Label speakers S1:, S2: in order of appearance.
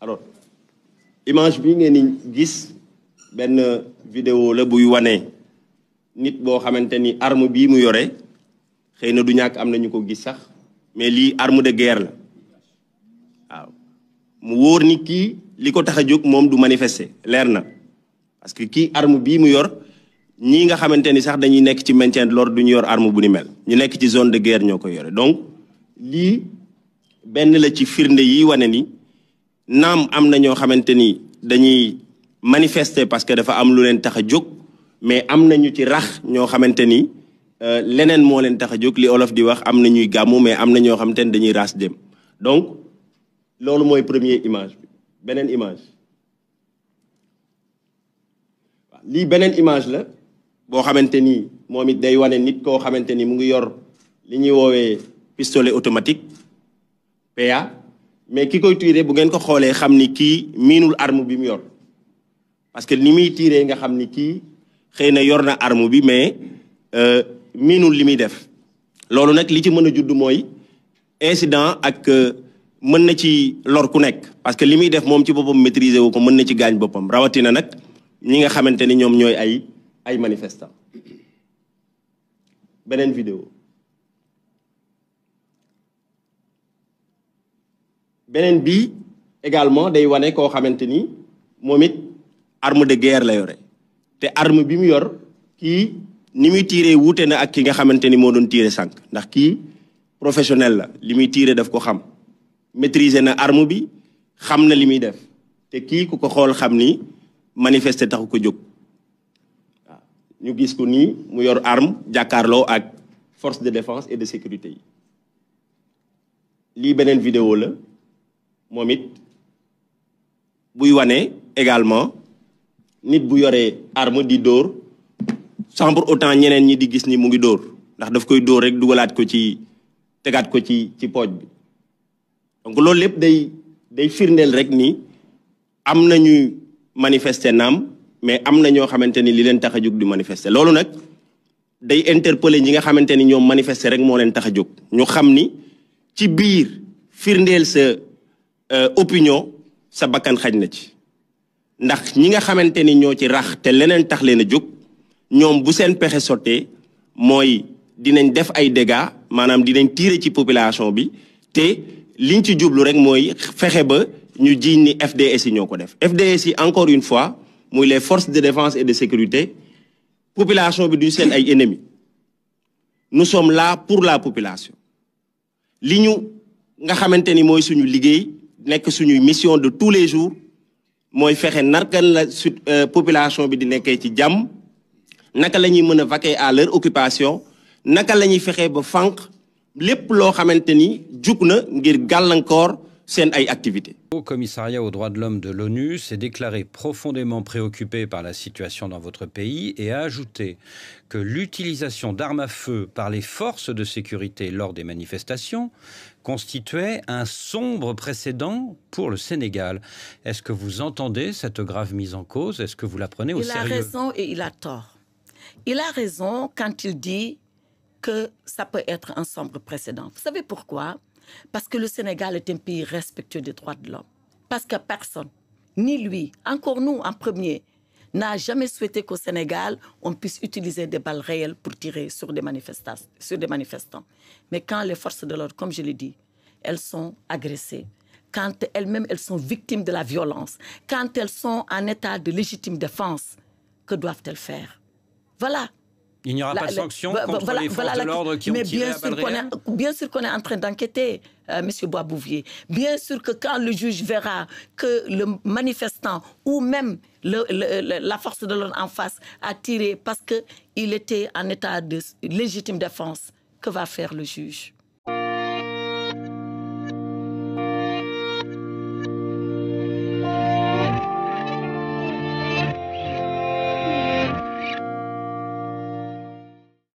S1: alors image bi ngeen gis benn vidéo la buy wane nit boo xamante ni arme bii mu yore xëy na du ñàkk am na ñu ko gis sax mais lii arme de guerre la waaw mu wóor ni kii li ko tax a jóg moom du manifester leer na parce que kii arme bii mu yor ñii nga xamante ni sax dañuy nekk ci maintien de du ñu yor arme bu ni mel ñu nekk ci zone de guerre ñoo koy yore donc lii benn la ci firnde yi wane ni naam am na ñoo xamante ni dañuy manifester parce que dafa am lu leen tax a jóg mais am na ñu ci rax ñoo xamante ni euh, leneen moo leen tax a jóg li olof di wax am na ñuy gàmmu mais am na ñoo xamante ni dañuy raas dem donc loolu mooy première image beneen image lii beneen image la boo xamante ni moom it day wane nit koo xamante ni mu ngi yor li ñuy woowee pistolet automatique PA mais ki koy tiire bu ngeen ko xoolee xam ni kii miinul arme bi mu yor parce que ni muy tiiree nga xam ni kii xëy na yor na arme bi mais euh, miinul li muy def loolu nag li ci mën a judd mooy incident ak euh, mën na ci lor ku nekk parce que li muy def moom ci boppam maîtriser wu ko mën na ci gaañ boppam rawatina nag ñi nga xamante ni ñoom ñooy ay ay manifestant beneen vidéo beneen bi également day wane koo xamante ni moom it arme de guerre la yore te arme bi mu yor kii ni muy tiire wuute na ak ki nga xamante ni moo doon tiire sànq ndax kii professionnel la li muy tiire daf ko xam maîtriser na arme bi xam na li muy def te kii ku ko xool xam ni manifester taxu ko jóg waaw ñu gis ko nii mu yor arme jàkkaarloo ak force de défense et de sécurité yi lii beneen vidéo la moom it buy wane également nit bu yore arme di dóor sans pour autant ñeneen ñi di gis ni mu ngi dóor ndax daf koy dóor rek dugalaat ko ci tegaat ko ci ci pooj bi donc loolu lépp day day firndeel rek ni am na ñuy manifester naam mais am na ñoo xamante ni li leen tax a jóg di manifester loolu nag day interpole ñi nga xamante ni ñoom manifester rek moo leen tax a jóg ñu xam ni ci biir firndeel sa Euh, opinion sa bakkan xaj na ci ndax ñi nga xamante ni ñoo ci rax te leneen tax leen a jóg ñoom bu seen pexe sottee mooy dinañ def ay dégâts maanaam dinañ tiire ci population bi te liñ ci jublu rek mooy fexe ba ñu jiiñ ni FDS yi ñoo ko def FDS yi encore une fois muy les force de défense et de sécurité population bi du seen ay ennemis nous sommes là pour la population li ñu nga xamante ni mooy suñu liggéey nekk suñuy mission de tous les jours mooy fexe narkan la su euh, population bi di nekkee ci jàmm naka la ñuy mën a vaquer à leur occupation naka la ñuy fexee ba fànq lépp loo xamante ni jug na ngir gàllankoor seen
S2: ay activités. Au commissariat aux droits de l'homme de l'ONU s'est déclaré profondément préoccupé par la situation dans votre pays et a ajouté que l'utilisation d'armes à feu par les forces de sécurité lors des manifestations constituait un sombre précédent pour le Sénégal. Est-ce que vous entendez cette grave mise en cause Est-ce que vous la prenez au sérieux et il a tort. Il a raison quand il dit que ça peut être un sombre précédent. Vous savez pourquoi Parce que le Sénégal est un pays respectueux des droits de l'homme. Parce que personne, ni lui, encore nous en premier, n'a jamais souhaité qu'au Sénégal, on puisse utiliser des balles réelles pour tirer sur des, sur des manifestants. Mais quand les forces de l'ordre, comme je l'ai dit, elles sont agressées, quand elles-mêmes, elles sont victimes de la violence, quand elles sont en état de légitime défense, que doivent-elles faire Voilà, Il n'y aura la, pas de sanction la, contre voilà, les forces voilà de l'ordre qui mais ont tiré bien à sûr, est, bien sûr qu'on est en train d'enquêter, euh, Monsieur Boisbouvier. Bien sûr que quand le juge verra que le manifestant ou même le, le, la force de l'ordre en face a tiré parce qu'il était en état de légitime défense, que va faire le juge